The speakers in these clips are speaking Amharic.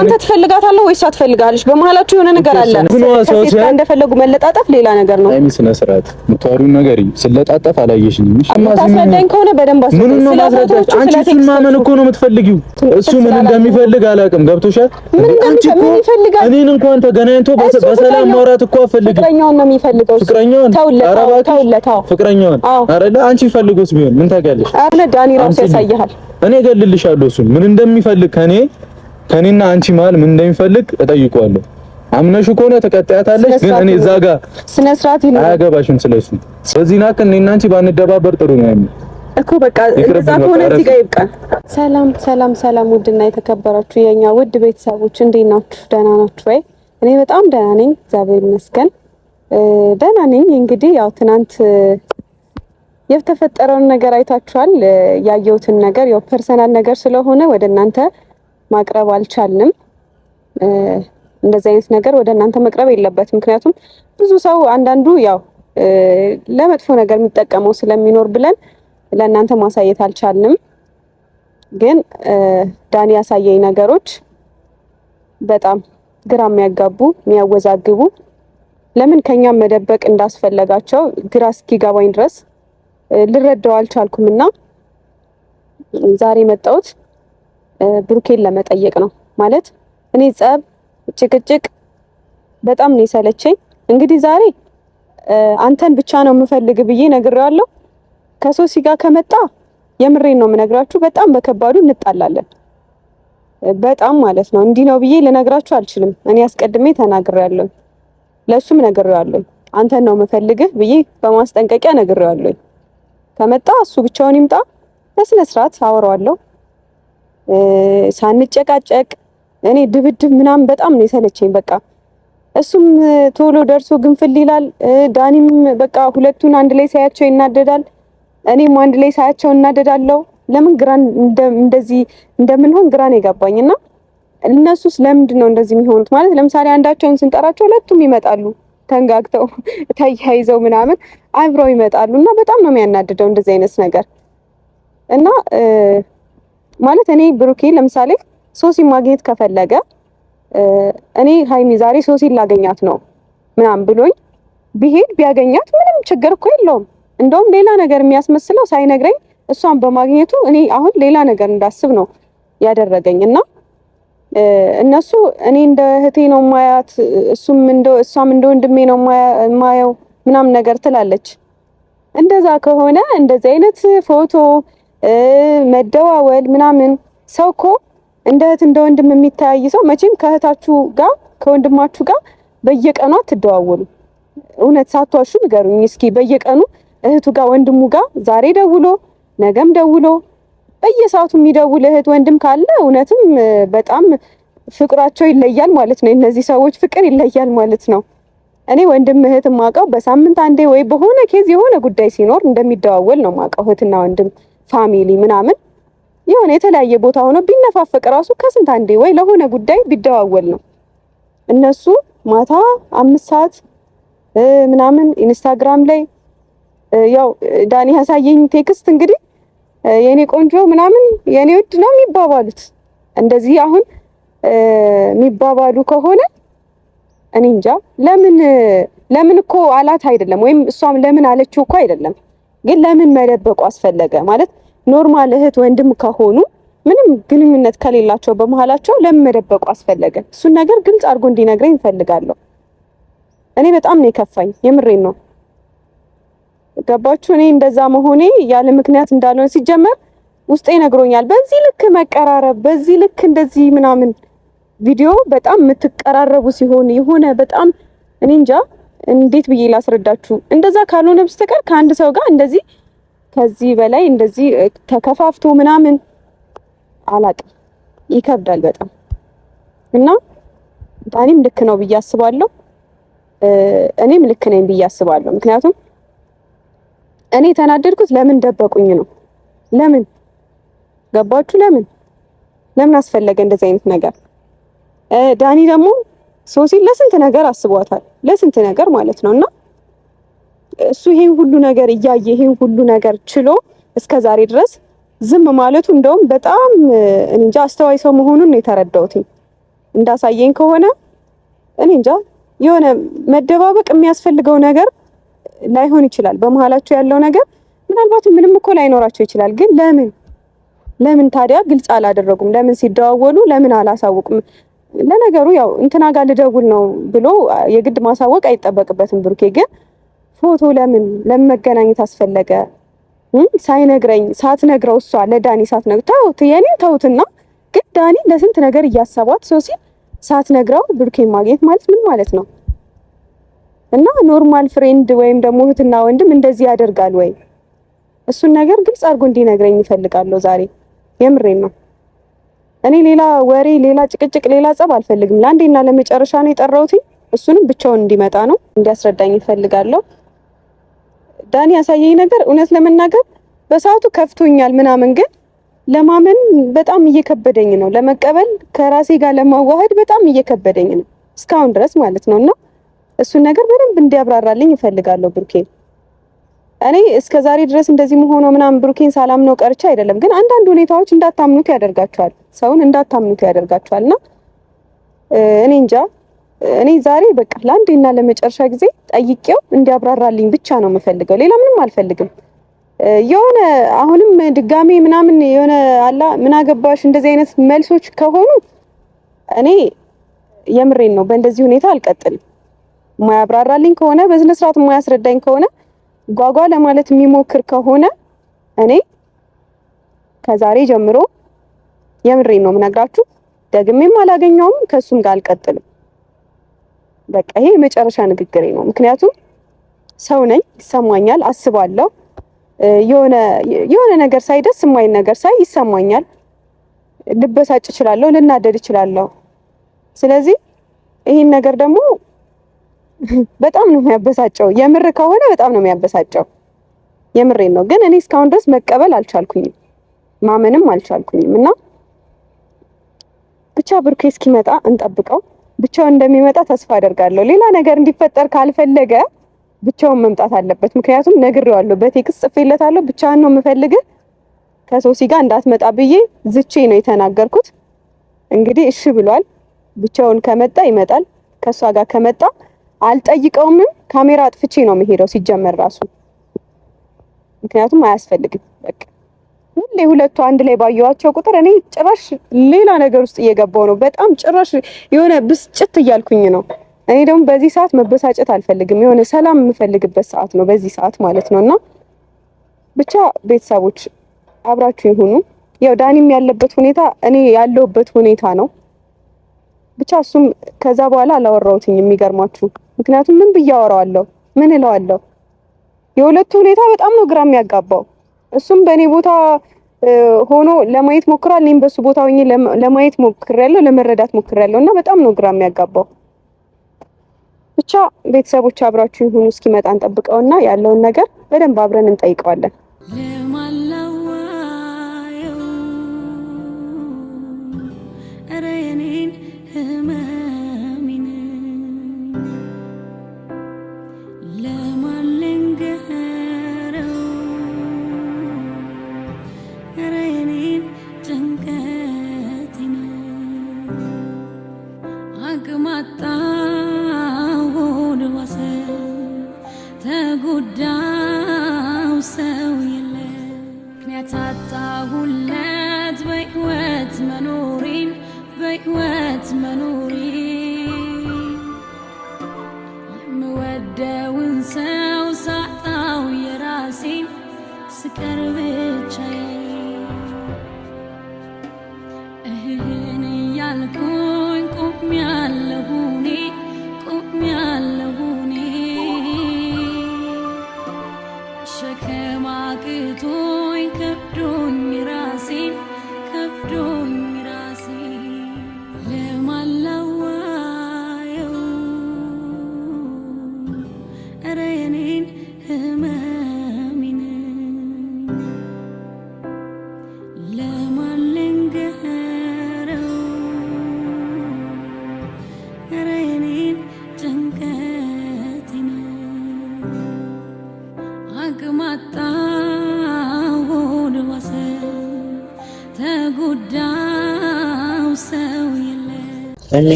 አንተ ትፈልጋታለህ ወይስ አትፈልጋለሽ? በመሀላችሁ የሆነ ነገር አለ። ከሴት ጋር እንደፈለጉ መለጣጠፍ ሌላ ነገር ነው። አይሚ ስነ ስርዓት የምታወሪው ነገር ስለጣጠፍ አላየሽኝም። ታስረዳኝ ከሆነ በደንብ አስረዳኝ። ምኑን ነው ማስረዳሽ? አንቺ እሱን ማመን እኮ ነው የምትፈልጊው። እሱ ምን እንደሚፈልግ አላውቅም። ገብቶሻል? ምን እኮ እኔን እንኳን ተገናኝቶ በሰላም ማውራት እኮ አፈልግም። ፍቅረኛውን ነው የሚፈልገው። ፍቅረኛውን ተውለታው። ፍቅረኛውን አረለ አንቺ ፈልጎስ ቢሆን ምን ታውቂያለሽ? ዳኒ ራሱ ያሳይሃል። እኔ እገልልሻለሁ እሱን ምን እንደሚፈልግ ከኔ ከኔና አንቺ መሀል ምን እንደሚፈልግ እጠይቀዋለሁ። አምነሹ ከሆነ ተቀጣያታለሽ፣ ግን እኔ እዛ ጋር ስነ ስርዓት ይኖር አያገባሽም። ስለሱ በዚህ ናክ እኔና አንቺ ባንደባበር ጥሩ ነው ያለው እኮ በቃ እዛ ከሆነ እዚህ ጋር ይብቃ። ሰላም ሰላም ሰላም! ውድና የተከበራችሁ የኛ ውድ ቤተሰቦች እንዴት ናችሁ? ደህና ናችሁ ወይ? እኔ በጣም ደህና ነኝ፣ እግዚአብሔር ይመስገን ደህና ነኝ። እንግዲህ ያው ትናንት የተፈጠረውን ነገር አይታችኋል። ያየሁትን ነገር ያው ፐርሰናል ነገር ስለሆነ ወደ እናንተ ማቅረብ አልቻልንም። እንደዚህ አይነት ነገር ወደ እናንተ መቅረብ የለበትም። ምክንያቱም ብዙ ሰው አንዳንዱ ያው ለመጥፎ ነገር የሚጠቀመው ስለሚኖር ብለን ለእናንተ ማሳየት አልቻልንም። ግን ዳኒ ያሳየኝ ነገሮች በጣም ግራ የሚያጋቡ የሚያወዛግቡ፣ ለምን ከኛም መደበቅ እንዳስፈለጋቸው ግራ እስኪገባኝ ድረስ ልረዳው አልቻልኩም እና ዛሬ መጣሁት ብሩኬን ለመጠየቅ ነው ማለት እኔ ጸብ፣ ጭቅጭቅ በጣም ነው የሰለቸኝ። እንግዲህ ዛሬ አንተን ብቻ ነው የምፈልግ ብዬ ነግሬዋለሁ። ከሶሲ ጋር ከመጣ የምሬን ነው የምነግራችሁ፣ በጣም በከባዱ እንጣላለን። በጣም ማለት ነው እንዲህ ነው ብዬ ልነግራችሁ አልችልም። እኔ አስቀድሜ ተናግሬያለሁ፣ ለሱም ነግሬዋለሁ። አንተን ነው የምፈልግህ ብዬ በማስጠንቀቂያ ነግሬዋለሁ። ከመጣ እሱ ብቻውን ይምጣ፣ በስነ ስርዓት አወራዋለሁ። ሳንጨቃጨቅ እኔ ድብድብ ምናምን በጣም ነው የሰለቸኝ። በቃ እሱም ቶሎ ደርሶ ግንፍል ይላል። ዳኒም በቃ ሁለቱን አንድ ላይ ሳያቸው ይናደዳል። እኔም አንድ ላይ ሳያቸው እናደዳለው? ለምን ግራ እንደዚህ እንደምንሆን ግራን የገባኝና እና እነሱስ ለምንድን ነው እንደዚህ የሚሆኑት? ማለት ለምሳሌ አንዳቸውን ስንጠራቸው ሁለቱም ይመጣሉ ተንጋግተው ተያይዘው ምናምን አብረው ይመጣሉ። እና በጣም ነው የሚያናድደው እንደዚህ አይነት ነገር እና ማለት እኔ ብሩኬ ለምሳሌ ሶሲ ማግኘት ከፈለገ እኔ ሀይሚ ዛሬ ሶሲ ላገኛት ነው ምናምን ብሎኝ ቢሄድ ቢያገኛት ምንም ችግር እኮ የለውም። እንደውም ሌላ ነገር የሚያስመስለው ሳይነግረኝ እሷን በማግኘቱ እኔ አሁን ሌላ ነገር እንዳስብ ነው ያደረገኝ እና እነሱ እኔ እንደ እህቴ ነው ማያት እሱም እንደ እሷም እንደ ወንድሜ ነው ማየው ምናምን ነገር ትላለች። እንደዛ ከሆነ እንደዚህ አይነት ፎቶ መደዋወል ምናምን ሰው እኮ እንደ እህት እንደ ወንድም የሚተያይ ሰው መቼም ከእህታችሁ ጋር ከወንድማችሁ ጋር በየቀኑ አትደዋወሉ። እውነት ሳትዋሹ ንገሩኝ እስኪ። በየቀኑ እህቱ ጋር ወንድሙ ጋር ዛሬ ደውሎ ነገም ደውሎ በየሰዓቱ የሚደውል እህት ወንድም ካለ እውነትም በጣም ፍቅራቸው ይለያል ማለት ነው። እነዚህ ሰዎች ፍቅር ይለያል ማለት ነው። እኔ ወንድም እህት ማውቀው በሳምንት አንዴ ወይ በሆነ ኬዝ የሆነ ጉዳይ ሲኖር እንደሚደዋወል ነው ማውቀው እህትና ወንድም ፋሚሊ ምናምን የሆነ የተለያየ ቦታ ሆኖ ቢነፋፈቅ ራሱ ከስንት አንዴ ወይ ለሆነ ጉዳይ ቢደዋወል ነው። እነሱ ማታ አምስት ሰዓት ምናምን ኢንስታግራም ላይ ያው ዳኒ ያሳየኝ ቴክስት እንግዲህ የኔ ቆንጆ ምናምን የኔ ውድ ነው የሚባባሉት። እንደዚህ አሁን የሚባባሉ ከሆነ እኔ እንጃ ለምን ለምን እኮ አላት አይደለም፣ ወይም እሷም ለምን አለችው እኮ አይደለም። ግን ለምን መደበቁ አስፈለገ ማለት ኖርማል እህት ወንድም ከሆኑ ምንም ግንኙነት ከሌላቸው በመሀላቸው ለምን መደበቁ አስፈለገ? እሱን ነገር ግልጽ አድርጎ እንዲነግረኝ እፈልጋለሁ። እኔ በጣም ነው የከፋኝ። የምሬን ነው። ገባችሁ? እኔ እንደዛ መሆኔ ያለ ምክንያት እንዳልሆነ ሲጀመር ውስጤ ነግሮኛል። በዚህ ልክ መቀራረብ፣ በዚህ ልክ እንደዚህ ምናምን ቪዲዮ በጣም የምትቀራረቡ ሲሆን የሆነ በጣም እኔ እንጃ እንዴት ብዬ ላስረዳችሁ። እንደዛ ካልሆነ በስተቀር ከአንድ ሰው ጋር እንደዚህ ከዚህ በላይ እንደዚህ ተከፋፍቶ ምናምን አላቅም፣ ይከብዳል በጣም እና ዳኒም ልክ ነው ብዬ አስባለሁ። እኔም ልክ ነኝ ብዬ አስባለሁ። ምክንያቱም እኔ የተናደድኩት ለምን ደበቁኝ ነው። ለምን ገባችሁ? ለምን ለምን አስፈለገ እንደዚህ አይነት ነገር? ዳኒ ደግሞ ሶሲን ለስንት ነገር አስቧታል፣ ለስንት ነገር ማለት ነው እና እሱ ይሄን ሁሉ ነገር እያየ ይሄን ሁሉ ነገር ችሎ እስከ ዛሬ ድረስ ዝም ማለቱ እንደውም በጣም እንጃ አስተዋይ ሰው መሆኑን ነው የተረዳሁት። እንዳሳየኝ ከሆነ እኔ እንጃ የሆነ መደባበቅ የሚያስፈልገው ነገር ላይሆን ይችላል። በመሀላቸው ያለው ነገር ምናልባት ምንም እኮ ላይኖራቸው ይችላል። ግን ለምን ለምን ታዲያ ግልጽ አላደረጉም? ለምን ሲደዋወሉ ለምን አላሳውቁም? ለነገሩ ያው እንትና ጋር ልደውል ነው ብሎ የግድ ማሳወቅ አይጠበቅበትም ብሩኬ ግን ፎቶ ለምን ለመገናኘት አስፈለገ? ሳይነግረኝ ሳትነግረው እሷ ለዳኒ ሳትነግረው ተውት፣ የኔን ተውትና፣ ግን ዳኒ ለስንት ነገር እያሰባት ሶሲ ሳትነግረው ብሩኬን ማግኘት ማለት ምን ማለት ነው? እና ኖርማል ፍሬንድ ወይም ደግሞ እህትና ወንድም እንደዚህ ያደርጋል ወይ? እሱን ነገር ግልጽ አድርጎ እንዲነግረኝ ይፈልጋለሁ ዛሬ። የምሬን ነው። እኔ ሌላ ወሬ፣ ሌላ ጭቅጭቅ፣ ሌላ ጸብ አልፈልግም። ለአንዴና ለመጨረሻ ነው የጠራሁት። እሱንም ብቻውን እንዲመጣ ነው እንዲያስረዳኝ ይፈልጋለሁ። ዳኒ ያሳየኝ ነገር እውነት ለመናገር በሰዓቱ ከፍቶኛል ምናምን፣ ግን ለማመን በጣም እየከበደኝ ነው። ለመቀበል ከራሴ ጋር ለማዋሃድ በጣም እየከበደኝ ነው እስካሁን ድረስ ማለት ነው። እና እሱን ነገር በደንብ እንዲያብራራልኝ እፈልጋለሁ ብሩኬን። እኔ እስከ ዛሬ ድረስ እንደዚህ መሆኖ ምናምን ብሩኬን ሳላምነው ቀርቼ አይደለም፣ ግን አንዳንድ ሁኔታዎች እንዳታምኑት ያደርጋቸዋል። ሰውን እንዳታምኑት ያደርጋቸዋል። እና እኔ እንጃ እኔ ዛሬ በቃ ለአንዴና ለመጨረሻ ጊዜ ጠይቄው እንዲያብራራልኝ ብቻ ነው የምፈልገው። ሌላ ምንም አልፈልግም። የሆነ አሁንም ድጋሜ ምናምን የሆነ አላ ምን አገባሽ እንደዚህ አይነት መልሶች ከሆኑ እኔ የምሬን ነው፣ በእንደዚህ ሁኔታ አልቀጥልም። የማያብራራልኝ ከሆነ በስነ ስርዓት የማያስረዳኝ ከሆነ ጓጓ ለማለት የሚሞክር ከሆነ እኔ ከዛሬ ጀምሮ የምሬን ነው የምነግራችሁ፣ ደግሜም አላገኘውም፣ ከእሱም ጋር አልቀጥልም። በቃ ይሄ የመጨረሻ ንግግሬ ነው። ምክንያቱም ሰው ነኝ፣ ይሰማኛል፣ አስባለሁ። የሆነ የሆነ ነገር ሳይ ደስ ነገር ሳይ ይሰማኛል። ልበሳጭ እችላለሁ፣ ልናደድ እችላለሁ። ስለዚህ ይህን ነገር ደግሞ በጣም ነው የሚያበሳጨው። የምር ከሆነ በጣም ነው የሚያበሳጨው። የምሬን ነው። ግን እኔ እስካሁን ድረስ መቀበል አልቻልኩኝም፣ ማመንም አልቻልኩኝም እና ብቻ ብሩኬ እስኪመጣ እንጠብቀው። ብቻውን እንደሚመጣ ተስፋ አደርጋለሁ። ሌላ ነገር እንዲፈጠር ካልፈለገ ብቻውን መምጣት አለበት። ምክንያቱም ነግሬዋለሁ፣ በቴክስት ጽፌለታለሁ። ብቻህን ነው የምፈልግህ ከሶሲ ጋር እንዳትመጣ ብዬ ዝቼ ነው የተናገርኩት። እንግዲህ እሺ ብሏል። ብቻውን ከመጣ ይመጣል። ከእሷ ጋር ከመጣ አልጠይቀውምም። ካሜራ አጥፍቼ ነው የምሄደው ሲጀመር ራሱ ምክንያቱም አያስፈልግም በቃ ሁሌ ሁለቱ አንድ ላይ ባየዋቸው ቁጥር እኔ ጭራሽ ሌላ ነገር ውስጥ እየገባው ነው። በጣም ጭራሽ የሆነ ብስጭት እያልኩኝ ነው። እኔ ደግሞ በዚህ ሰዓት መበሳጨት አልፈልግም። የሆነ ሰላም የምፈልግበት ሰዓት ነው በዚህ ሰዓት ማለት ነው። እና ብቻ ቤተሰቦች አብራችሁ ይሁኑ። ያው ዳኒም ያለበት ሁኔታ እኔ ያለሁበት ሁኔታ ነው። ብቻ እሱም ከዛ በኋላ አላወራሁትኝ የሚገርማችሁ፣ ምክንያቱም ምን ብዬ አወራዋለሁ? ምን እለዋለሁ? የሁለቱ ሁኔታ በጣም ነው ግራ የሚያጋባው። እሱም በእኔ ቦታ ሆኖ ለማየት ሞክሯል። እኔም በሱ ቦታ ሆኜ ለማየት ሞክሬያለሁ፣ ለመረዳት ሞክሬያለሁ እና በጣም ነው ግራ የሚያጋባው። ብቻ ቤተሰቦች አብራችሁ ይሁኑ፣ እስኪመጣ እንጠብቀውና ያለውን ነገር በደንብ አብረን እንጠይቀዋለን።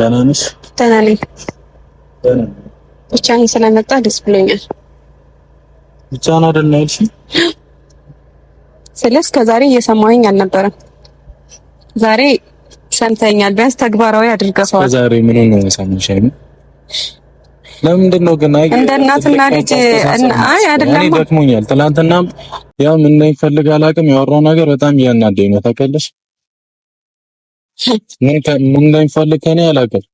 ደህና ነሽ? ደህና ነኝ። ብቻህን ስለመጣ ደስ ብሎኛል። ብቻህን አይደል ነው ያልሽኝ? ስለ እስከ ዛሬ እየሰማኸኝ አልነበረም። ዛሬ ሰምተኛል፣ ቢያንስ ተግባራዊ አድርገኸዋል። እስከ ዛሬ ምን ነው የሰማሽኝ? ለምንድን ነው ግን? አይ እንደ እናትና ልጅ አይ አይደለም፣ ደክሞኛል። ትናንትናም ያው ምን ይፈልጋል አቅም ያወራው ነገር በጣም እያናደኝ ነው ታውቂያለሽ ምን እንደሚፈልግ ከኔ አላውቅም።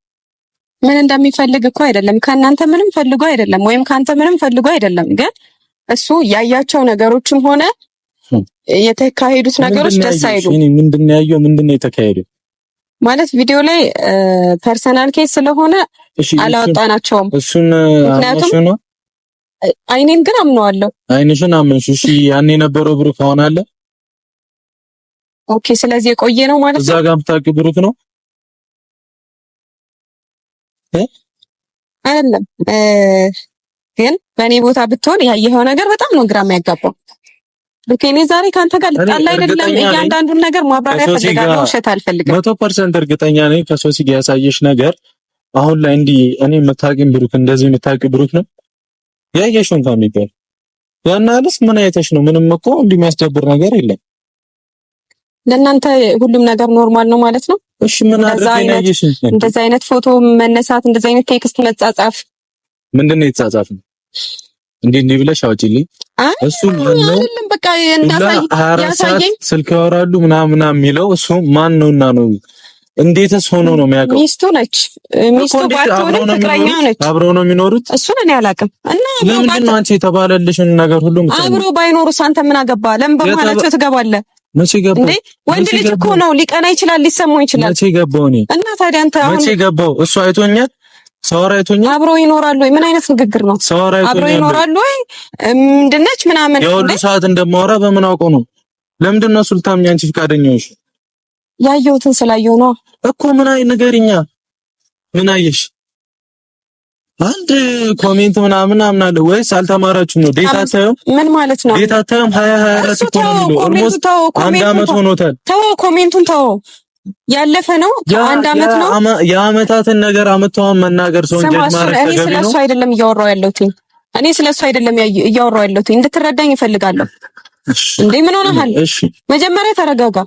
ምን እንደሚፈልግ እኮ አይደለም ከእናንተ ምንም ፈልጎ አይደለም፣ ወይም ከአንተ ምንም ፈልጎ አይደለም። ግን እሱ ያያቸው ነገሮችም ሆነ የተካሄዱት ነገሮች ደስ አይሉ። ምንድን ነው ያየው? ምንድን ነው የተካሄደው? ማለት ቪዲዮ ላይ ፐርሰናል ኬስ ስለሆነ አላወጣናቸውም። እሱን ነው? አይኔን ግን አምነዋለሁ። አይንሽን አመንሽ። እሺ ያኔ የነበረው ብሩክ አሁን አለ ኦኬ። ስለዚህ የቆየ ነው ማለት ነው። እዛ ጋር የምታውቂው ብሩክ ነው አይደለም? ግን በእኔ ቦታ ብትሆን ያየኸው ነገር በጣም ነው ግራ የሚያጋባው። ብሩክ፣ እኔ ዛሬ ከአንተ ጋር ልጣላ አይደለም። እያንዳንዱን ነገር ማብራሪያ ፈልጋለሁ፣ ውሸት አልፈልግም። መቶ ፐርሰንት እርግጠኛ ነኝ ከሶሲ ጋር ያሳየሽ ነገር አሁን ላይ እንዲህ እኔ የምታውቂው ብሩክ እንደዚህ የምታውቂው ብሩክ ነው ያየሽው እንኳን ቢባል ያናልስ ምን አይተሽ ነው? ምንም እኮ እንዲህ የሚያስደብር ነገር የለም። ለእናንተ ሁሉም ነገር ኖርማል ነው ማለት ነው። እሺ ምን አድርገኝ? እንደዚህ አይነት ፎቶ መነሳት፣ እንደዚህ አይነት ቴክስት መጻጻፍ፣ ምንድን ነው የተጻጻፍ ነው? እንዴ እንዴ ብለሽ አውጪልኝ። እሱ ማን ነው? በቃ እንዳሳይ ያሳየኝ። ስልክ ያወራሉ ምናምን የሚለው እሱ ማን ነውና ነው? እንዴትስ ሆኖ ነው የሚያውቀው? ሚስቱ ነች። ሚስቱ ባትሆንም ፍቅረኛ ነች። አብረው ነው የሚኖሩት። እሱን እኔ አላውቅም። እና ለምንድን ነው አንቺ የተባለልሽን ነገር ሁሉ አብሮ ባይኖሩስ አንተ ምን አገባ? ለምን በመሀላቸው ትገባለህ? መቼ ገባው እንዴ? ወንድ ልጅ እኮ ነው። ሊቀና ይችላል፣ ሊሰማው ይችላል። መቼ ገባው እኔ እና ታዲያ አንተ አሁን መቼ ገባው? እሱ አይቶኛል፣ ሰው አይቶኛል። አብሮ ይኖራሉ ወይ? ምን አይነት ንግግር ነው? አይቶኛል። አብሮ ይኖራሉ ወይ? ምንድን ነች ምናምን የሁሉ ሰዓት እንደማወራ በምን አውቀው ነው? ለምንድን ነው ሱልታም ያንቺ ፍቃደኛው? ያየሁትን ስላየው ነው እኮ ምን አይ ንገሪኛ፣ ምን አየሽ? አንድ ኮሜንት ምናምን ምናምን ወይስ አልተማራችሁም ነው? ዴታ ታዩ ምን ማለት ነው? ዴታ ታዩ 2024 እኮ ነው ኦልሞስት አንድ አመት ሆኖታል። ተው ኮሜንቱን ተው፣ ያለፈ ነው። አንድ አመት ነው። የአመታትን ነገር አመቷን መናገር ሰው እንጀማረ ተገቢ ነው። እኔ ስለሱ አይደለም እያወራው ያለሁት። እኔ ስለሱ አይደለም እያወራው ያለሁት። እንድትረዳኝ እፈልጋለሁ። እንዴ ምን ሆነሃል? መጀመሪያ ተረጋጋ።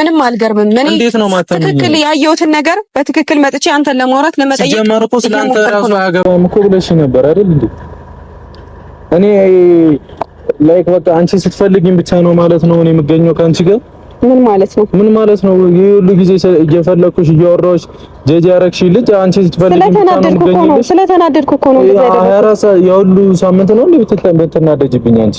ምንም አልገርምም። ትክክል ያየሁትን ነገር በትክክል መጥቼ አንተን ለማውራት ለመጠየቅ ጀመር እኮ ስለአንተ ራሱ አያገባም እኮ ብለሽ ነበር አይደል እንዴ? እኔ ላይክ በቃ አንቺ ስትፈልግኝ ብቻ ነው ማለት ነው እኔ የምገኘው ከአንቺ ጋር ምን ማለት ነው? ምን ማለት ነው? ይህ ሁሉ ጊዜ እየፈለኩሽ እያወራሁሽ ጀጃ ያረግሽ ልጅ አንቺ ስትፈልጊ ስለተናደድኩ እኮ ነው። ስለተናደድኩ እኮ ነው። ሁሉ ሳምንት ነው እንዴ ብትናደጅብኝ አንቺ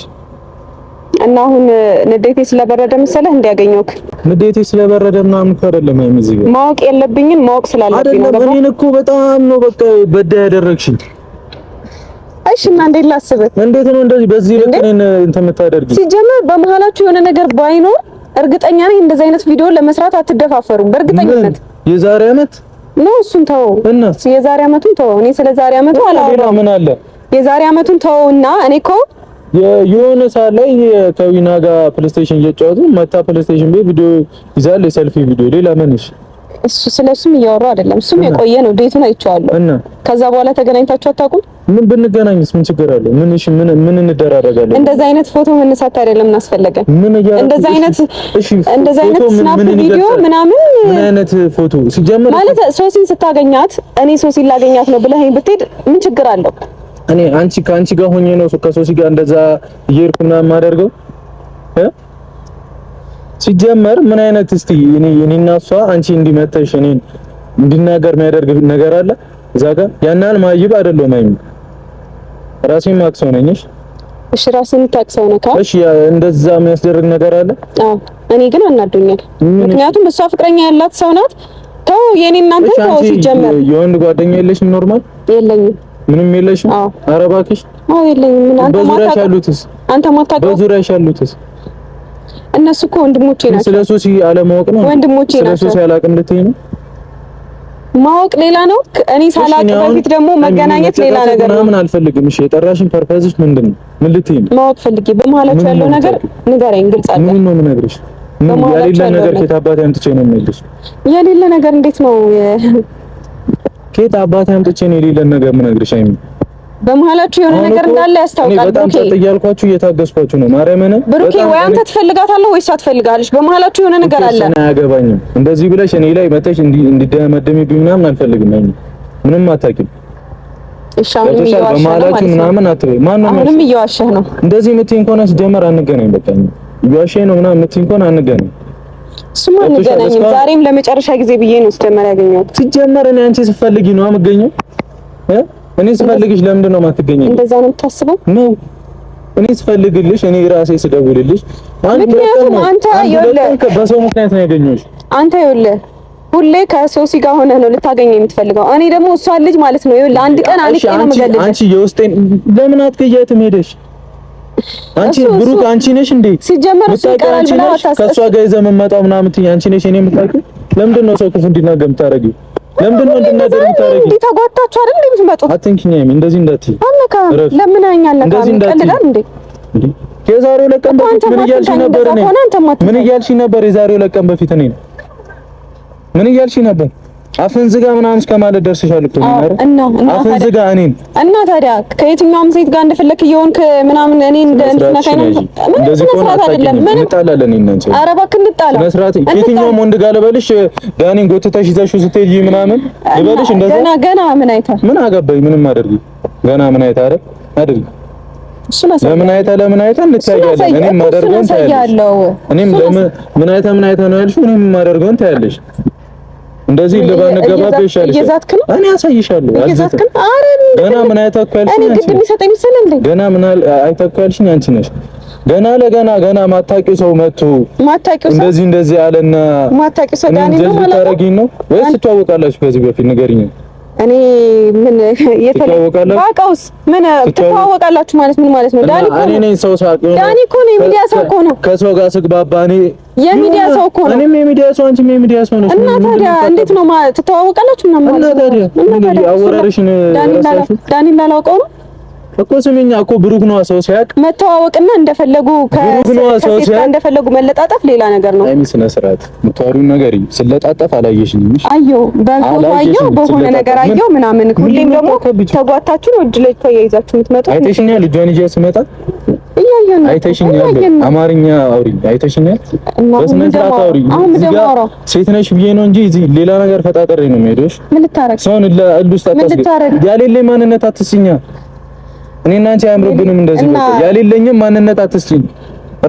እና አሁን ንዴቴ ስለበረደ መሰለህ እንዲያገኘውክ ንዴቴ ስለበረደ ምናምን እኮ አይደለም። ጋር ማወቅ የለብኝም ማወቅ ስላለብኝ ነው። አይደለም እኔን እኮ በጣም ነው በቃ በዳ ያደረግሽኝ። እሺ እና እንዴት ላስብህ? እንዴት ነው እንደዚህ በዚህ ልክ እኔን እንትን የምታደርጊው? ሲጀመር በመሀላችሁ የሆነ ነገር ባይኖር እርግጠኛ ነኝ እንደዚህ አይነት ቪዲዮ ለመስራት አትደፋፈሩም። በእርግጠኝነት የዛሬ አመት ነው እሱን ተው እና የዛሬ አመቱን ተው። እኔ ስለዛሬ አመቱ አላወራም። የዛሬ አመቱን ተውና እኔ እኮ የሆነ ሰዓት ላይ ከዊና ጋር ፕሌስቴሽን እየጫወቱ መታ ፕሌስቴሽን ቤት ቪዲዮ ይዛል፣ የሰልፊ ቪዲዮ። ሌላ ምንሽ? እሱ ስለሱም እያወራሁ አይደለም፣ እሱም የቆየ ነው። ዴቱን አይቼዋለሁ እና ከዛ በኋላ ተገናኝታችሁ አታውቁም? ምን ብንገናኝስ ምን ችግር አለ? ምን እሺ፣ ምን ምን እንደራረጋለን? እንደዛ አይነት ፎቶ መነሳት አይደለም እናስፈለገን። ምን እያደረግን እንደዛ አይነት እሺ፣ እንደዛ አይነት ስናፕ ቪዲዮ ምናምን ምን አይነት ፎቶ ሲጀምር ማለት ሶሲን ስታገኛት እኔ ሶሲን ላገኛት ነው ብለህ ብትሄድ ምን ችግር አለው? እኔ አንቺ ከአንቺ ጋር ሆኜ ነው ከሶሲ ጋር እንደዛ እየሄድኩ ምናምን የማደርገው እ ሲጀመር ምን አይነት እስቲ እኔ እኔና እሷ አንቺ እንዲመተሽ እኔን እንድናገር የሚያደርግ ነገር አለ እዛ ጋር ያን ያህል ማይብ አይደለም። አይም ራሴን ማክሰው ነኝ። እሺ እሺ፣ ራሴን ታክሰው ነው ካል እሺ፣ እንደዛ የሚያስደርግ ነገር አለ። አዎ እኔ ግን አናዶኛል። ምክንያቱም እሷ ፍቅረኛ ያላት ሰው ናት። ተው የኔ እናንተ ተው። ሲጀመር የወንድ ጓደኛ የለሽም? ኖርማል የለኝም ምንም የለሽም? ኧረ እባክሽ። አዎ የለኝም። ምን አንተ በዙሪያሽ ያሉትስ? አንተ ማታውቀው በዙሪያሽ ያሉትስ? እነሱ እኮ ወንድሞቼ ናቸው። ስለ ሶሲ አለማወቅ ነው ወንድሞቼ ናቸው። ስለ ሶሲ አላውቅም ልትይ ነው? ማወቅ ሌላ ነው። እኔ ሳላውቅ በፊት ደግሞ መገናኘት ሌላ ነገር ነው። ምን አልፈልግም። እሺ የጠራሽን ፐርፐዝሽ ምንድን ነው? ምን ልትይ ነው? ማወቅ ፈልጌ በመሀላችሁ ያለው ነገር ንገረኝ። ግልጽ አለ ምን ነው የምነግርሽ? የሌለ ነገር ከታባት ያምጥቼ ነው የምነግርሽ። የሌለ ነገር እንዴት ነው ከየት አባቴ አምጥቼ ነው የሌለን ነገር የምነግርሽ? አይሚ በመሀላችሁ የሆነ ነገር እንዳለ ያስታውቃል። በጣም ጸጥ እያልኳችሁ እየታገስኳችሁ ነው። ማርያምን ብሩኬ፣ ወይ አንተ ትፈልጋታለህ ወይስ አትፈልጋለሽ? በመሀላችሁ የሆነ ነገር አለ። እኔ አያገባኝም። እንደዚህ ብለሽ እኔ ላይ መተሽ እንዲደመደሚብኝ ምናምን አልፈልግም። አይሚ ምንም አታውቂም። እሺ፣ አሁንም በመሀላችሁ ምናምን አትበይ። ማን ነው ምንም እየዋሸህ ነው? እንደዚህ የምትይኝ ከሆነ ሲጀመር አንገናኝ። በቃ እየዋሸህ ነው ምናምን የምትይኝ ከሆነ አንገናኝ እሱማ እንገናኝም። ዛሬም ለመጨረሻ ጊዜ ብዬ ነው ስጀመር ያገኘሁት። ሲጀመር እኔ አንቺ ስትፈልጊ ነው የምገኘው። እኔ ስፈልግሽ ለምንድን ነው የማትገኘው? እንደዛ ነው የምታስበው ነው? እኔ ስፈልግልሽ፣ እኔ ራሴ ስደውልልሽ፣ ምክንያቱም አንተ በሰው ምክንያት ነው ያገኘሁሽ። አንተ ይኸውልህ ሁሌ ከሶሲ ጋር ሆነህ ነው ልታገኘው የምትፈልገው። እኔ ደግሞ እሷን ልጅ ማለት ነው ይኸውልህ አንድ ቀን አንቺ የውስጤን ለምን አትገያትም ሄደሽ አንቺ ብሩክ አንቺ ነሽ እንዴ? ሲጀመር እሱ ይቀራል ብላ አታስብ። ከእሷ ጋር ይዘህ የምትመጣው ምናምን እምትይኝ አንቺ ነሽ። እኔ የምታውቂው ለምንድን ነው ሰው ክፉ እንዲናገር የምታደርጊው? ለምንድን ነው እንድናገር የምታደርጊው? እንዴ ተጓታችሁ አይደል እንዴ የምትመጡት? አትንኪኝ አይም እንደዚህ እንዳትዪ። አለካ ለምን አኛለካ እንደዚህ እንዳትዪ። እንዴ ሁለት ለቀን በፊት ምን እያልሽ ነበር? እኔ ምን እያልሽ ነበር? የዛሬ ለቀን በፊት እኔ ምን እያልሽ ነበር? አፍን ዝጋ ምናምን እስከማለት ደርሰሻል እኮ ነው። እና አፍን ዝጋ እኔን እና ታዲያ ከየትኛውም ሴት ጋር እንደፈለክ እየሆንክ ምናምን እኔ እንደ እንትና እንደዚህ እኮ አይደለም። ምን መስራት ከየትኛውም ወንድ ጋር ልበልሽ፣ ዳኒን ጎትተሽ ይዘሽው ስትሄጂ ምናምን ልበልሽ። እንደዛ ገና ገና ምን አይታ ምን አገባኝ? ምንም አደርግ ገና ምን አይታ አይደል አደርግ ለምን አይታ ለምን አይታ እንታያለን። እኔም ማደርገውን ታያለሽ። እኔም ለምን ምን አይታ ምን አይታ ነው ያልሽው? እኔም ማደርገውን ታያለሽ። እንደዚህ ልባ ንገባቱ ይሻልሽ። እየዛትክ ነው። አረ ገና ምን ግድ እንዴ ገና ምን አንቺ ነሽ ገና ለገና ገና ማታውቂው ሰው መጥቶ ማታውቂው ሰው እንደዚህ እንደዚህ አለና ማታውቂው ሰው ዳኒ ነው ማለት ነው ወይስ ትዋወቃላችሁ ከዚህ በፊት ንገሪኝ። እኔ ምን የተዋወቃውስ ምን ትተዋወቃላችሁ ማለት ምን ማለት ነው? ዳኒ እኮ እኔ ሰው ሳቅ ዳኒ እኮ ነው የሚዲያ ሰው እኮ ነው። ከሰው ጋር ስግባባ እኔ የሚዲያ ሰው እኮ ነው። እኔም የሚዲያ ሰው አንቺም የሚዲያ ሰው ነሽ። እና ታዲያ እንዴት ነው ትተዋወቃላችሁ ምናምን? እና ታዲያ አወራርሽን ዳኒ እንዳላውቀው ነው እኮ ስሚኝ እኮ ብሩክ ነው ሰው ሲያቅ መተዋወቅና እንደፈለጉ ሰው ሲያቅ እንደፈለጉ መለጣጠፍ ሌላ ነገር ነው። አይ ስነ ስርዓት የምታወሪው ነገር ስለጣጠፍ አላየሽኝም። አየሁ በፎቶ አየሁ በሆነ ነገር አየሁ ምናምን። ሁሌም ደግሞ ተጓታችሁ ነው እጅ ላይ ተያይዛችሁ የምትመጡ። አይተሽኛል፣ ልጇን ይዤ ስመጣ እያየን አይተሽኛል። አማርኛ አውሪ አይተሽኛል። በስነ ስርዓት አውሪ። ሴት ነሽ ብዬ ነው እንጂ እዚህ ሌላ ነገር ፈጣጠሬ ነው የምሄደው። ምን ልታረግ ሰውን ለእልውስጥ አታስገ ያሌለ ማንነት አትስኛ እኔና እና አንቺ አያምርብንም። እንደዚህ ነው። ያሌለኝም ማንነት አትስጪኝ።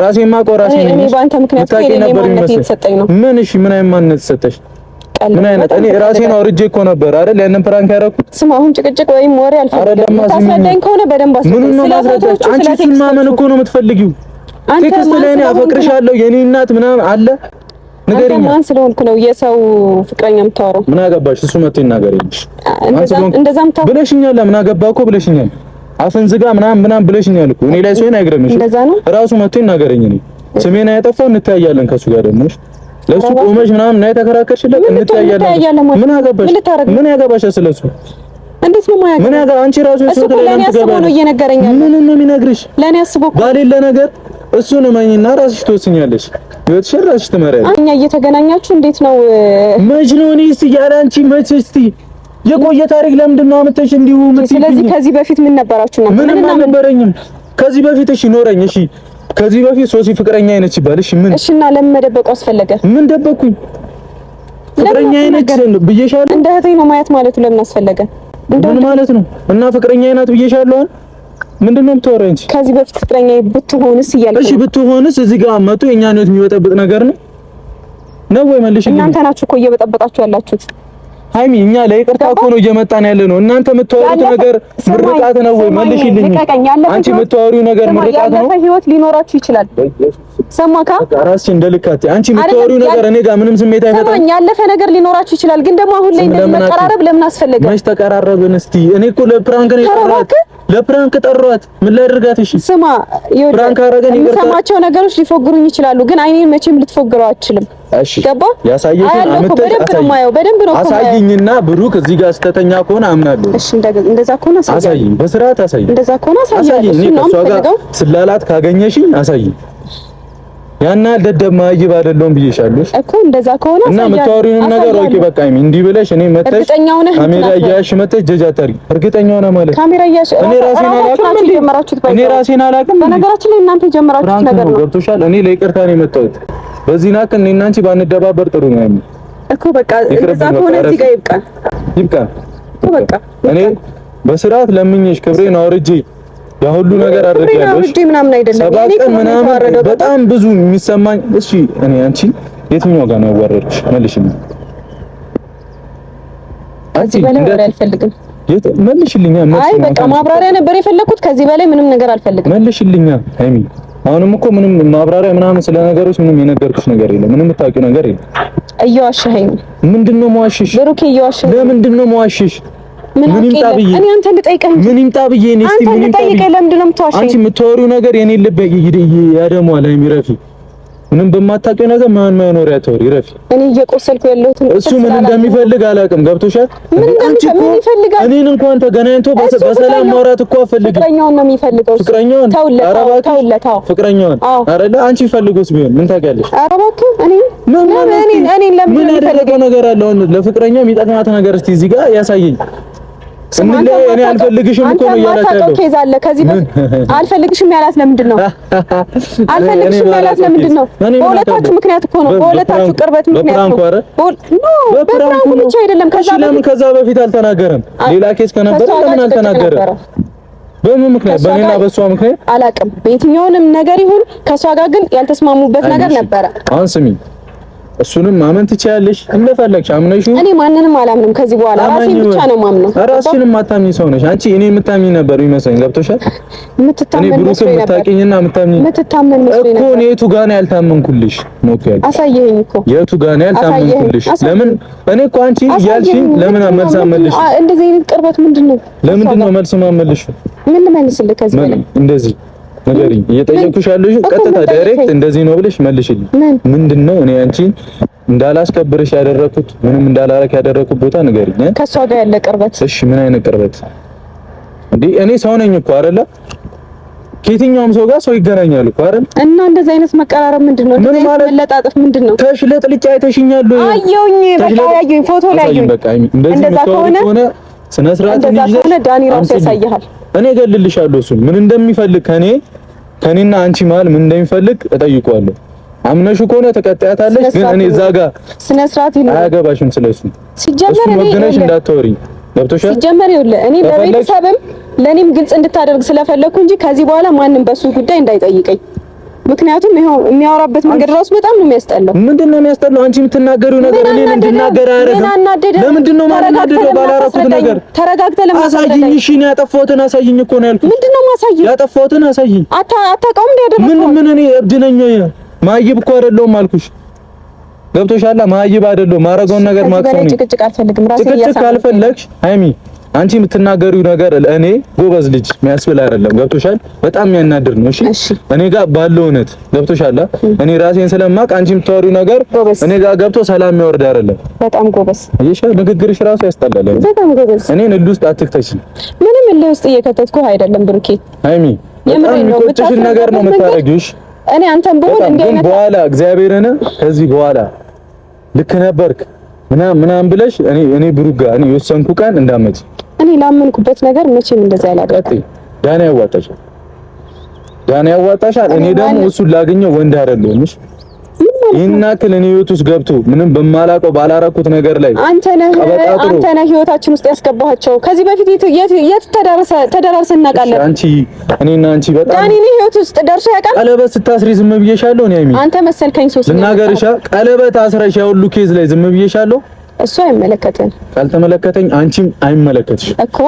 ራሴን ማቆ ራሴ ነኝ። እኔ ባንተ ምክንያት ነበር የተሰጠኝ ነው። ምን እሺ፣ ምን አይነት ማንነት ሰጠሽ? ምን አይነት እኔ ራሴን አውርጄ እኮ ነበር አይደል ያንን ፕራንክ ያደረኩት። ስማ፣ አሁን ጭቅጭቅ ወይም ወሬ አልፈልግም። ታስረዳኝ ከሆነ በደንብ አስረዳኝ። ምኑን ነው የማስረዳሽ? አንቺ እሱን ማመን እኮ ነው የምትፈልጊው። ቴክስት ላይ እኔ አፈቅርሻለሁ የኔ እናት ምናምን አለ ነገርኛ ማን ስለሆንኩ ነው የሰው ፍቅረኛ የምታወራው? ምን አገባሽ? እሱ መጥቶ ይናገር ይልሽ። እንደዛም እንደዛም ብለሽኛል። ምን አገባ እኮ ብለሽኛል አፍን ዝጋ ምናምን ምናምን ብለሽኛል እኮ እኔ ላይ ሲሆን አይግረምሽ። ራሱ መጥቶ ይናገረኝ። እኔ ስሜን አያጠፋው እንታያለን ከሱ ጋር ደግሞ ለሱ ቆመሽ ምናምን ነው የተከራከርሽለት። እንታያለን። ምን አገባሽ? ምን ያገባሻል ስለሱ? እንዴት ነው ማያገባሽ? ምን ያገባ አንቺ ራሱ እሱ ለኔ አስቦ ነው እየነገረኝ። ምን ነው የሚነግርሽ? ለኔ አስቦ ባሌለ ነገር እሱን እመኝና ራስሽ ትወስኛለሽ። ህይወትሽን ራስሽ ትመሪያለሽ። እኛ እየተገናኛችሁ እንዴት ነው መጅኑን? እስቲ ያለ አንቺ መች እስቲ የቆየ ታሪክ ለምንድን ነው አመተሽ እንዲሁ የምትይኝ? ስለዚህ ከዚህ በፊት ምን ነበራችሁ? ነበር ምንም አልነበረኝም ከዚህ በፊት እሺ፣ ኖረኝ እሺ፣ ከዚህ በፊት ሶሲ ፍቅረኛ አይነች ይባል እሺ፣ ምን እሺ። እና ለምን መደበቁ አስፈለገ? ምን ደበቅኩኝ? ፍቅረኛ አይነች ብዬሻለሁ። እንደ እህቴ ነው ማየት ማለቱ ለምን አስፈለገ? ምን ማለት ነው? እና ፍቅረኛ አይነት ብዬሻለሁ አይደል? ምንድን ነው የምታወራው እንጂ ከዚህ በፊት ፍቅረኛ ብትሆንስ እያልኩ እሺ፣ ብትሆንስ እዚህ ጋር መቶ የእኛን ህይወት የሚበጠብጥ ነገር ነው ነው ወይ? መልሽ። እናንተ ናችሁ እኮ እየበጠበጣችሁ ያላችሁት ሀይሚ እኛ ለይቅርታ እኮ ነው እየመጣን ያለ ነው። እናንተ የምታወሩት ነገር ምርቃት ነው ወይ? መልሽልኝ። አንቺ የምታወሪው ነገር ምርቃት ነው። ያለፈ ህይወት ሊኖራችሁ ይችላል ሰማካ ራስሽ እንደልካት አንቺ የምትወሪው ነገር እኔ ጋር ምንም ስሜት አይፈጥርም። ያለፈ ነገር ሊኖራችሁ ይችላል፣ ግን ደግሞ አሁን ላይ እንደዚህ መቀራረብ ለምን አስፈለገ? መች ተቀራረብን? እስቲ እኔ እኮ ለፕራንክ ነው የጠራሁት፣ ለፕራንክ ጠሯት። ምን ላይ እሺ ስማ፣ ፕራንክ አደረገን። የምሰማቸው ነገሮች ሊፎግሩኝ ይችላሉ፣ ግን አይኔን መቼም ልትፎግረው አትችልም። እሺ ገባ? ያሳየሽኝ አመጣ። በደንብ ነው የማየው፣ በደንብ ነው የማየው። ብሩክ እዚህ ጋር ስተተኛ ከሆነ አምናለሁ። እሺ እንደዛ ከሆነ አሳይኝ፣ በስርዓት አሳይኝ። እንደዛ ከሆነ አሳይኝ። እኔ ጋር ስላላት ካገኘሽኝ አሳይኝ ያና ደደብ ማይብ አይደለም ብዬሻለሁ እኮ እንደዛ ከሆነ እና የምታወሪውን ነገር ወቂ በቃ ይሚ እንዲህ ብለሽ እኔ መተሽ እርግጠኛ ሆነህ ካሜራ እያያሽ መተሽ ጀጅ አታርጊ። እርግጠኛ ሆነህ ማለት ካሜራ እያያሽ እኔ ራሴን አላውቅም እንዴ እኔ ራሴን አላውቅም። በነገራችን ላይ እናንተ የጀመራችሁት ነገር ነው ገብቶሻል። እኔ ለይቅርታ ነው የመጣሁት። በዚህ ናክ እኔ እና አንቺ ባንደባበር ጥሩ ነው ያሚ እኮ በቃ እንደዛ ከሆነ እዚህ ጋር ይብቃል ይብቃል እኮ በቃ እኔ በስርዓት ለምኜሽ ክብሬን አውርጄ ያ ሁሉ ነገር አድርጌያለሁ። ምናምን አይደለም ምናምን በጣም ብዙ የሚሰማኝ እሺ፣ እኔ አንቺ የትኛው ጋር ነው ያዋረድኩሽ? መልሽልኝ። አንቺ በላይ መልሽልኛ። አይ በቃ ማብራሪያ ነበር የፈለኩት። ከዚህ በላይ ምንም ነገር አልፈልግም። መልሽልኛ ሃይሚ። አሁንም እኮ ምንም ማብራሪያ ምናምን ስለ ነገሮች ምንም የነገርኩሽ ነገር የለም። ምንም የምታውቂው ነገር የለም። እየዋሸኸኝ ነው። ምንድን ነው መዋሸሽ? ብሩኬ እየዋሸሽ ለምንድን ነው መዋሸሽ? ምን ይምጣ ብዬ እኔ ምን ለምንድን ነው የምትዋሸኝ? አንቺ የምታወሪው ነገር የኔ ልብ ረፊ ምንም በማታውቂው ነገር ማን ማን ወሬ ረፊ። እኔ እየቆሰልኩ ያለሁት እሱ ምን እንደሚፈልግ አላውቅም። ገብቶሻል? አንቺ እንደሚፈልግ እኔን እንኳን ተገናኝቶ በሰላም ማውራት እኮ አፈልግም። ፍቅረኛውን ነው የሚፈልገው። ፍቅረኛውን ተውለታው ፍቅረኛውን አረለ። አንቺ ፈልጎስ ቢሆን ምን ታውቂያለሽ? ኧረ እባክህ እኔ ምን ምን እኔ ለምን ነገር አለ ለፍቅረኛው የሚጠቅማት ነገር እስቲ እዚህ ጋር ያሳየኝ እኔ አልፈልግሽም እኮ ነው እያላት ያለው። ኬዝ አለ ከዚህ አልፈልግሽም ያላት ለምንድን ነው? አልፈልግሽም ያላት ለምንድን ነው? በሁለታችሁ ምክንያት እኮ ነው። በሁለታችሁ ቅርበት ምክንያት ነው። በፕራንኩ ብቻ አይደለም። ከዛ በፊት አልተናገረም። ሌላ ኬዝ ከነበረ ለምን አልተናገረም? በምን ምክንያት? በእኔና በእሷ ምክንያት አላውቅም። በየትኛውንም ነገር ይሁን ከእሷ ጋር ግን ያልተስማሙበት ነገር ነበረ። አሁን ስሚ እሱንም ማመን ትችያለሽ እንደፈለግሽ አምነሽው። እኔ ማንንም አላምንም ከዚህ በኋላ ራሴን ብቻ ነው ማምነው። ራስሽን የማታምኚ ሰው ነሽ አንቺ። እኔ የምታምኚ ነበር ይመስለኝ። ገብቶሻል? እኔ ብሩክን የምታውቂኝና የምታምኚኝ እኮ እኔ የቱ ጋር ነው ያልታመንኩልሽ? አሳየኸኝ እኮ የቱ ጋር ነው ያልታመንኩልሽ? ለምን እኔ እኮ አንቺ እያልሽኝ ለምን መልስ አመልሽ? እንደዚህ አይነት ቅርበት ምንድን ነው? ለምንድን ነው መልስ ማመልሽ? ምን ልመልስልህ ከዚህ በላይ እንደዚህ ንገሪኝ። እየጠየኩሽ ያለሽ ቀጥታ ዳይሬክት እንደዚህ ነው ብለሽ መልሽልኝ። ምንድነው እኔ አንቺ እንዳላስከብርሽ ያደረኩት ምንም እንዳላረክ ያደረኩት ቦታ ንገሪኝ። ከሷ ጋር ያለ ቅርበት። እሺ ምን አይነት ቅርበት እንዴ? እኔ ሰው ነኝ እኮ አይደለ? ከየትኛውም ሰው ጋር ሰው ይገናኛል እኮ አይደል? እና እንደዚህ አይነት መቀራረብ ምንድነው? ምን ማለት መለጣጠፍ ምንድነው? ተሽለጥልጭ አይተሽኛል። አየሁኝ፣ በቃ አየሁኝ፣ ፎቶ ላይ አየሁኝ። እንደዛ ከሆነ ስነ ስርዓት እንጂ ዳኒ ራሱ ያሳይሃል። እኔ እገልልሻለሁ። እሱን ምን እንደሚፈልግ ከኔ ከኔና አንቺ መሀል ምን እንደሚፈልግ እጠይቀዋለሁ። አምነሹ ከሆነ ተቀጣያታለሽ። ግን እኔ እዛ ጋር ስነ ስርዓት ይኖር አያገባሽም። ስለሱ ሲጀመር እኔ ወግነሽ እንዳትወሪ ገብቶሻል። ሲጀመር ይኸውልህ እኔ ለቤተሰብም ለኔም ግልጽ እንድታደርግ ስለፈለኩ እንጂ ከዚህ በኋላ ማንም በሱ ጉዳይ እንዳይጠይቀኝ ምክንያቱም ይሄው የሚያወራበት መንገድ ራሱ በጣም ነው የሚያስጠላው። ምንድነው ነው የሚያስጠላው? አንቺ የምትናገሪው ነገር እኔን እንድናገር አያደርግም። ለምንድን ነው የማናደደው? ባላረኩት ነገር ተረጋግተህ ለማሳየኝ። እሺ ነው ያጠፋሁትን አሳይኝ እኮ ነው ያልኩት። ምንድነው ማሳየኝ? የማሳይህ? ያጠፋሁትን አሳይኝ። አታውቀውም እንደ ያደረኩት ምን ምን እኔ እብድ ነኝ ወይ? ማይብ እኮ አይደለሁም አልኩሽ። ገብቶሻል? ማይብ አይደለሁም። ማረገውን ነገር ማክሰው ነው። ጭቅጭቅ አልፈልግም። ራሴ ያሳይ ጭቅጭቅ ካልፈለግሽ ሃይሚ አንቺ የምትናገሪው ነገር እኔ ጎበዝ ልጅ የሚያስብል አይደለም። ገብቶሻል? በጣም የሚያናድር ነው። እሺ እኔ ጋር ባለው እውነት ገብቶሻል? እኔ ራሴን ስለማቅ አንቺ የምታወሪው ነገር እኔ ጋር ገብቶ ሰላም የሚያወርድ አይደለም። በጣም ጎበዝ ይሻል። ንግግርሽ ራሱ ያስጠላል። በጣም ጎበዝ። እኔን እልህ ውስጥ አትክተሽ። ምንም እልህ ውስጥ እየከተትኩ አይደለም ብሩኬ። ሀይሚ የምቆጭሽን ነገር ነው የምታደርጊው። እኔ አንተን ብሆን እንደ አይነት በኋላ እግዚአብሔርን ከዚህ በኋላ ልክ ነበርክ ምናምን ብለሽ እኔ እኔ ብሩክ ጋር እኔ የወሰንኩ ቀን እንዳመጭ እኔ ላመንኩበት ነገር መቼም እንደዛ ያላደረኩ ዳና ያዋጣሻል፣ ዳና ያዋጣሻል። እኔ ደግሞ እሱን ላገኘው ወንድ አይደለሁም። ይህን ያክል እኔ ህይወት ውስጥ ገብቶ ምንም በማላውቀው ባላረኩት ነገር ላይ አንተ ነህ አንተ ነህ ህይወታችን ውስጥ ያስገባቸው። ከዚህ በፊት የት የት ተደረሰ ተደረሰ እናውቃለን። አንቺ እኔና አንቺ በጣም ዳኒ ነህ ህይወት ውስጥ ደርሶ ያውቃል። ቀለበት ስታስሪ ዝም ብዬሻለሁ። እኔ አይሚ አንተ መሰልከኝ ሶስት ልናገርሻ ቀለበት አስረሽ ያው ሁሉ ኬዝ ላይ ዝም ብዬሻለሁ። እሱ አይመለከተን። ካልተመለከተኝ አንቺም አይመለከትሽ እኮ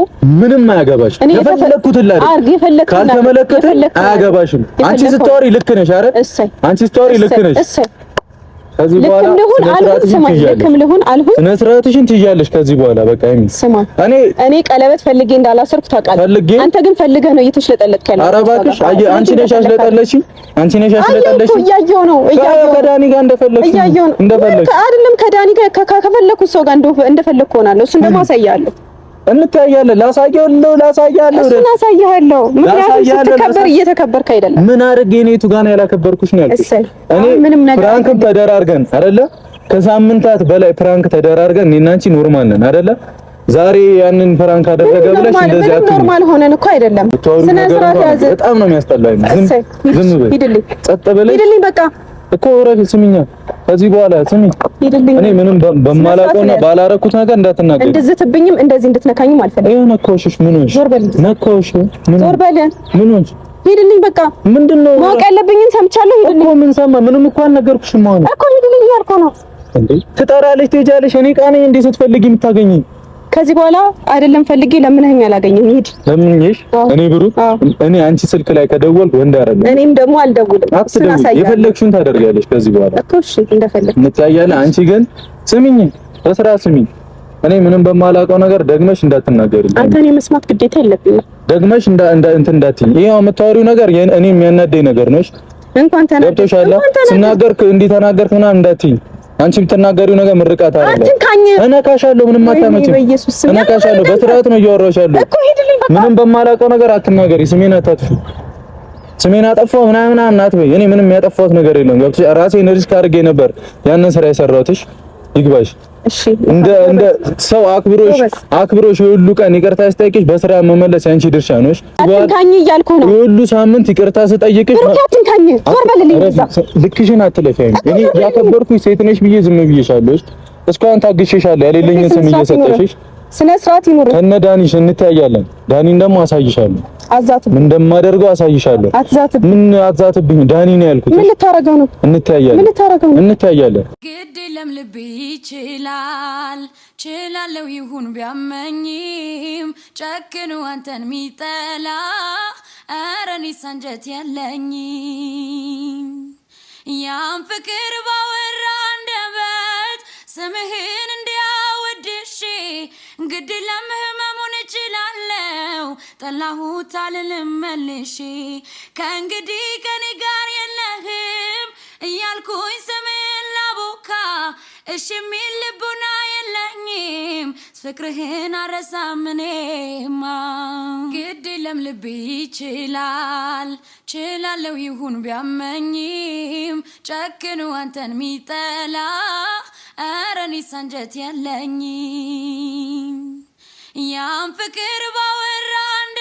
ምንም አያገባሽ። እኔ የፈለኩትን አርግ። የፈለኩትን ካልተመለከተኝ አያገባሽም። አንቺ ስታወሪ ልክ ነሽ። አረ አንቺ ስታወሪ ልክ ነሽ። ከዚህ በኋላ ትይዣለሽ። ከዚህ በኋላ በቃ ስማ፣ እኔ እኔ ቀለበት ፈልጌ እንዳላሰርኩ ታውቃለህ። አንተ ግን ፈልገህ ነው እየተሽለጠለጥክ ያለው። ኧረ እባክሽ አንቺ ነሽ ያሽለጠለሽኝ። አንቺ ነሽ ያሽለጠለሽኝ። እያየሁ ነው እያየሁ ከዳኒ ጋር እንደፈለግሽ እንደፈለግሽ አይደለም ከዳኒ ጋር ከፈለኩት ሰው ጋር እንደፈለግኩ ሆናለሁ። እሱን ደግሞ አሳያለሁ እንታያለን ላሳየውልህ፣ ላሳያለሁ፣ እሱን አሳያለሁ። ምክንያቱም ስትከበር እየተከበርክ አይደለም። ምን አድርጌ እኔ የቱ ጋር ነው ያላከበርኩሽ ነው ያልኩሽ። እኔ ፍራንክን ተደራርገን አይደለ? ከሳምንታት በላይ ፍራንክ ተደራርገን እኔና አንቺ ኖርማል ነን አይደለ? ዛሬ ያንን ፍራንክ አደረገ ብለሽ እንደዚህ አትሉ። ኖርማል ሆነን እኮ አይደለም። ስነ ስርዓት ያዘ። በጣም ነው የሚያስጠላኝ። ዝም ዝም በይ፣ ሂድልኝ፣ ጸጥ በለኝ፣ ሂድልኝ በቃ እኮ ረፊ ስሚኛ፣ ከዚህ በኋላ ስሚ፣ እኔ ምንም በማላውቀውና ባላረኩት ነገር እንዳትናገር። እንድትዝትብኝም እንደዚህ እንድትነካኝም አልፈልግም። ነካሁሽ። ምን ሆንሽ? ዞር በል፣ ምን ዞር በል። ምን ሆንሽ? ሂድልኝ። በቃ ምንድነው ነው ማወቅ ያለብኝን ሰምቻለሁ። ሂድልኝ እኮ ምን ሰማ? ምንም እኮ አልነገርኩሽም። አሁን እኮ ሂድልኝ እያልኩ ነው እንዴ። ትጠራለች፣ ትሄጃለሽ። እኔ ቃኔ ነኝ እንዴ ስትፈልጊ የምታገኘኝ ከዚህ በኋላ አይደለም ፈልጌ ለምንህኝ አላገኝም። ይሄድ ለምንሽ እኔ ብሩ እኔ አንቺ ስልክ ላይ ከደወል ወንድ አይደለም። እኔም ደግሞ አልደውልም። የፈለግሽውን ታደርጊያለሽ ከዚህ በኋላ እኮ። እሺ እንደፈለግሽ እንታያለን። አንቺ ግን ስሚኝ፣ በስራ ስሚኝ። እኔ ምንም በማላውቀው ነገር ደግመሽ እንዳትናገሪ። አንተ እኔ መስማት ግዴታ የለብኝም። ደግመሽ እንዳ እንደ እንትን እንዳትይ። ይሄው የምታወሪው ነገር እኔ የሚያናደኝ ነገር ነው። እንኳን ተናገርክ፣ ስናገርክ እንዲህ ተናገርክ ምናምን እንዳትይ አንቺ የምትናገሪው ነገር ምርቃት አይደለም። እነካሻለሁ፣ ምንም አታመጪም። እነካሻለሁ። በስርዓት ነው እያወራሁሽ ያለው። ምንም በማላውቀው ነገር አትናገሪ። ስሜን አታጥፊ። ስሜን አጠፋሁ ምናምን አትበይ። እኔ ምንም ያጠፋሁት ነገር የለም። ገብቶሽ? ራሴን ሪስክ አድርጌ ነበር ያንን ስራ የሰራሁትሽ። ይግባሽ እንደ ሰው አክብሮሽ አክብሮሽ የሁሉ ቀን ይቅርታ ስጠይቅሽ በስራ መመለስ ያንቺ ድርሻ ነው። አትንካኝ እያልኩ ነው። የሁሉ ሳምንት ይቅርታ ስጠይቅሽ አትንካኝ። ዞር በልልኝ። ልክሽን አትለፊ። እኔ ያከበርኩሽ ሴት ነሽ ብዬ ዝም ብዬሻለሁ። እስካሁን ታግሼሻለሁ። የሌለኝን ስም እየሰጠሽሽ ስነ ስርዓት ይኑር። ከነ ዳኒሽ እንታያለን። ዳኒን ደግሞ አሳይሻለሁ። አዛት ምን እንደማደርገው አሳይሻለሁ። አዛት ምን አዛትብኝ? ዳኒ ነው ያልኩት። ምን ልታረገው ነው? እንታያለን። ምን ልታረገው ነው? እንታያለን። ግድ የለም ልቤ ይችላል። ችላለው ይሁን ቢያመኝም ጨክኑ አንተን ሚጠላ ኧረ እኔስ አንጀት የለኝም ያም ፍቅር ባወራ እንደበት ስምህን እንዲያወድሽ እንግዲህ ለምህመሙን እችላለው ጠላሁት አልልም መልሼ ከእንግዲህ ከኔ ጋር የለህም እያልኩኝ ስምን ላቦካ እሺ የሚል ልቡና የለኝም ፍቅርህን አረሳምኔማ ግድ የለም ልብ ይችላል ችላለው ይሁን ቢያመኝም ጨክኑ አንተን ሚጠላ አረኒ ሳንጀት የለኝም ያም ፍቅር ባወራን